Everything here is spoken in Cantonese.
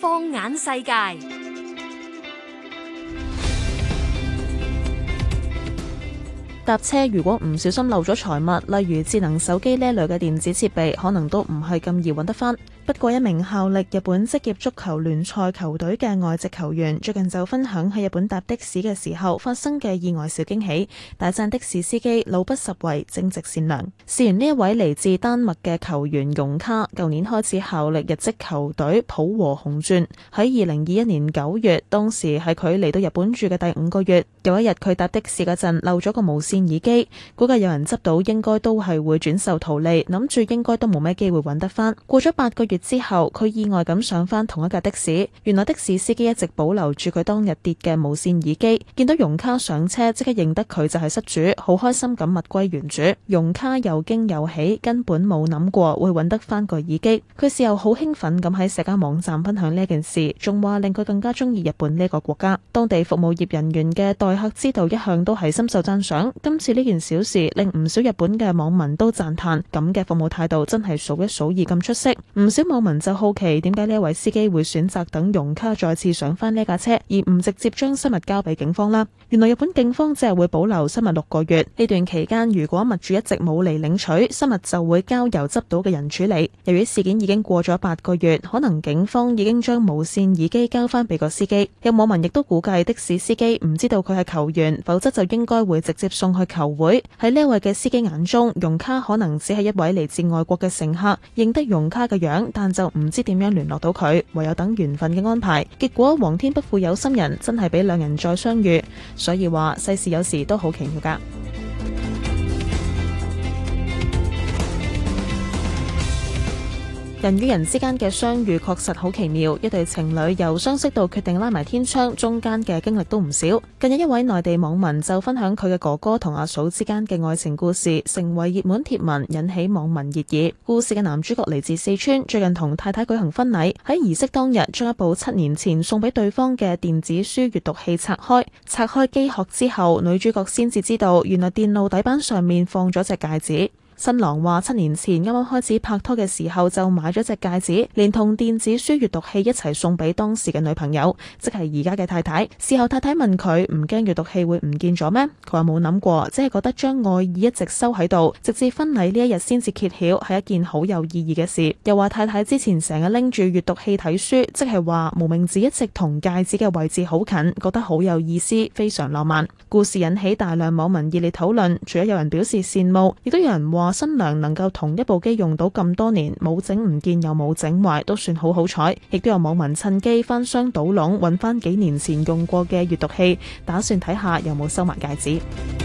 放眼世界。搭車如果唔小心漏咗財物，例如智能手機呢類嘅電子設備，可能都唔係咁易揾得返。不過一名效力日本職業足球聯賽球隊嘅外籍球員，最近就分享喺日本搭的士嘅時候發生嘅意外小驚喜，大讚的士司機路不拾遺，正直善良。事緣呢一位嚟自丹麥嘅球員容卡，舊年開始效力日職球隊浦和紅鑽，喺二零二一年九月，當時係佢嚟到日本住嘅第五個月，有一日佢搭的士嗰陣漏咗個無線耳機估計有人執到，應該都係會轉售圖利，諗住應該都冇咩機會揾得翻。過咗八個月之後，佢意外咁上翻同一架的士，原來的士司機一直保留住佢當日跌嘅無線耳機。見到容卡上車，即刻認得佢就係失主，好開心咁物歸原主。容卡又驚又喜，根本冇諗過會揾得翻個耳機。佢事後好興奮咁喺社交網站分享呢件事，仲話令佢更加中意日本呢個國家。當地服務業人員嘅待客之道一向都係深受讚賞。今次呢件小事令唔少日本嘅網民都讚嘆，咁嘅服務態度真係數一數二咁出色。唔少網民就好奇，點解呢位司機會選擇等容卡再次上返呢架車，而唔直接將失物交俾警方啦？原來日本警方只係會保留失物六個月，呢段期間如果物主一直冇嚟領取，失物就會交由執到嘅人處理。由於事件已經過咗八個月，可能警方已經將無線耳機交翻俾個司機。有網民亦都估計的士司機唔知道佢係球員，否則就應該會直接送。去球會。喺呢位嘅司機眼中，容卡可能只係一位嚟自外國嘅乘客，認得容卡嘅樣，但就唔知點樣聯絡到佢，唯有等緣分嘅安排。結果，皇天不負有心人，真係俾兩人再相遇。所以話，世事有時都好奇妙噶。人與人之間嘅相遇確實好奇妙，一對情侶由相識到決定拉埋天窗，中間嘅經歷都唔少。近日一位內地網民就分享佢嘅哥哥同阿嫂之間嘅愛情故事，成為熱門貼文，引起網民熱議。故事嘅男主角嚟自四川，最近同太太舉行婚禮，喺儀式當日將一部七年前送俾對方嘅電子書閱讀器拆開，拆開機殼之後，女主角先至知道原來電路底板上面放咗隻戒指。新郎話：七年前啱啱開始拍拖嘅時候就買咗隻戒指，連同電子書閱讀器一齊送俾當時嘅女朋友，即係而家嘅太太。事後太太問佢唔驚閱讀器會唔見咗咩？佢話冇諗過，即係覺得將愛意一直收喺度，直至婚禮呢一日先至揭曉，係一件好有意義嘅事。又話太太之前成日拎住閱讀器睇書，即係話無名指一直同戒指嘅位置好近，覺得好有意思，非常浪漫。故事引起大量網民熱烈討論，除咗有人表示羨慕，亦都有人話。新娘能夠同一部機用到咁多年，冇整唔見又冇整壞，都算好好彩。亦都有網民趁機翻箱倒籠，揾翻幾年前用過嘅閲讀器，打算睇下有冇收埋戒指。